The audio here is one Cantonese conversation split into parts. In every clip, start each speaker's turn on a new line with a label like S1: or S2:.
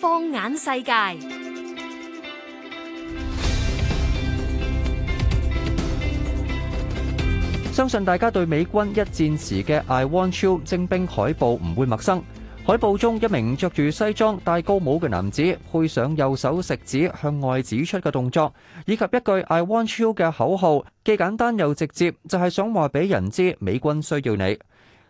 S1: 放眼世界，相信大家對美軍一戰時嘅 I Want You 徵兵海報唔會陌生。海報中一名着住西裝、戴高帽嘅男子，配上右手食指向外指出嘅動作，以及一句 I Want You 嘅口號，既簡單又直接，就係想話俾人知美軍需要你。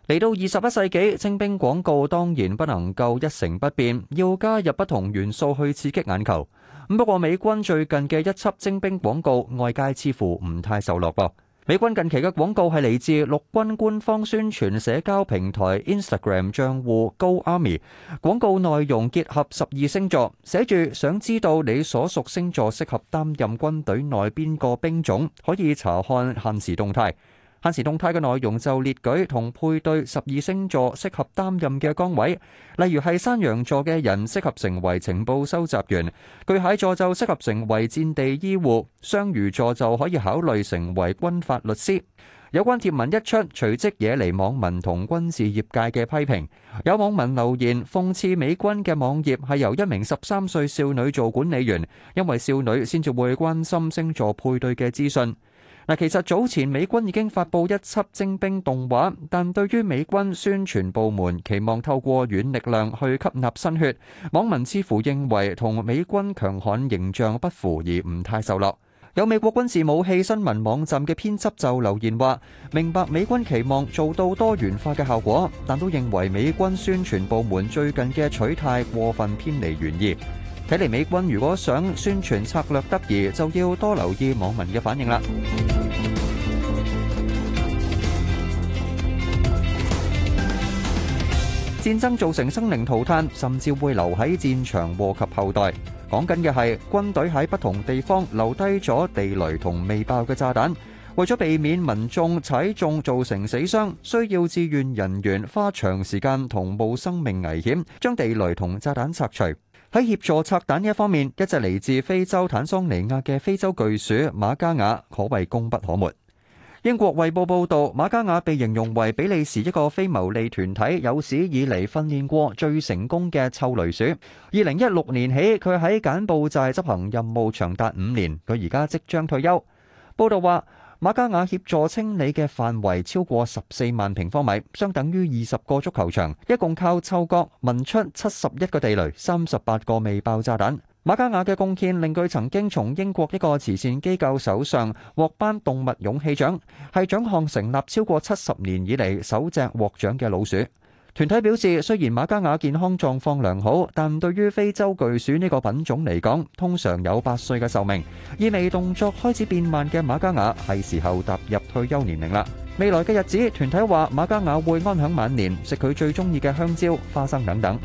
S1: 嚟到二十一世紀，徵兵廣告當然不能夠一成不變，要加入不同元素去刺激眼球。咁不過，美軍最近嘅一輯徵兵廣告，外界似乎唔太受落噃。美軍近期嘅廣告係嚟自陸軍官方宣傳社交平台 Instagram 賬戶 Go Army，廣告內容結合十二星座，寫住想知道你所屬星座適合擔任軍隊內邊個兵種，可以查看限時動態。限時動態嘅內容就列舉同配對十二星座適合擔任嘅崗位，例如係山羊座嘅人適合成為情報收集員，巨蟹座就適合成為戰地醫護，雙魚座就可以考慮成為軍法律師。有關貼文一出，隨即惹嚟網民同軍事業界嘅批評。有網民留言諷刺美軍嘅網頁係由一名十三歲少女做管理員，因為少女先至會關心星座配對嘅資訊。嗱，其實早前美軍已經發佈一輯徵兵動畫，但對於美軍宣傳部門期望透過軟力量去吸納新血，網民似乎認為同美軍強悍形象不符而唔太受落。有美國軍事武器新聞網站嘅編輯就留言話明白美軍期望做到多元化嘅效果，但都認為美軍宣傳部門最近嘅取態過分偏離原意。睇嚟美軍如果想宣傳策略得宜，就要多留意網民嘅反應啦。戰爭造成生靈塗炭，甚至會留喺戰場禍及後代。講緊嘅係，軍隊喺不同地方留低咗地雷同未爆嘅炸彈，為咗避免民眾踩中造成死傷，需要志願人員花長時間同冒生命危險將地雷同炸彈拆除。喺協助拆彈呢一方面，一隻嚟自非洲坦桑尼亞嘅非洲巨鼠馬加瓦可謂功不可沒。英國衛報報道，馬加雅被形容為比利時一個非牟利團體有史以嚟訓練過最成功嘅嗅雷鼠。二零一六年起，佢喺柬埔寨執行任務長達五年，佢而家即將退休。報道話，馬加雅協助清理嘅範圍超過十四萬平方米，相等於二十個足球場，一共靠嗅覺聞出七十一個地雷、三十八個未爆炸彈。馬加雅嘅貢獻令佢曾經從英國一個慈善機構手上獲頒動物勇氣獎，係獎項成立超過七十年以來，首隻獲獎嘅老鼠。團體表示，雖然馬加雅健康狀況良好，但對於非洲巨鼠呢個品種嚟講，通常有八歲嘅壽命，意味動作開始變慢嘅馬加雅係時候踏入退休年齡啦。未來嘅日子，團體話馬加雅會安享晚年，食佢最中意嘅香蕉、花生等等。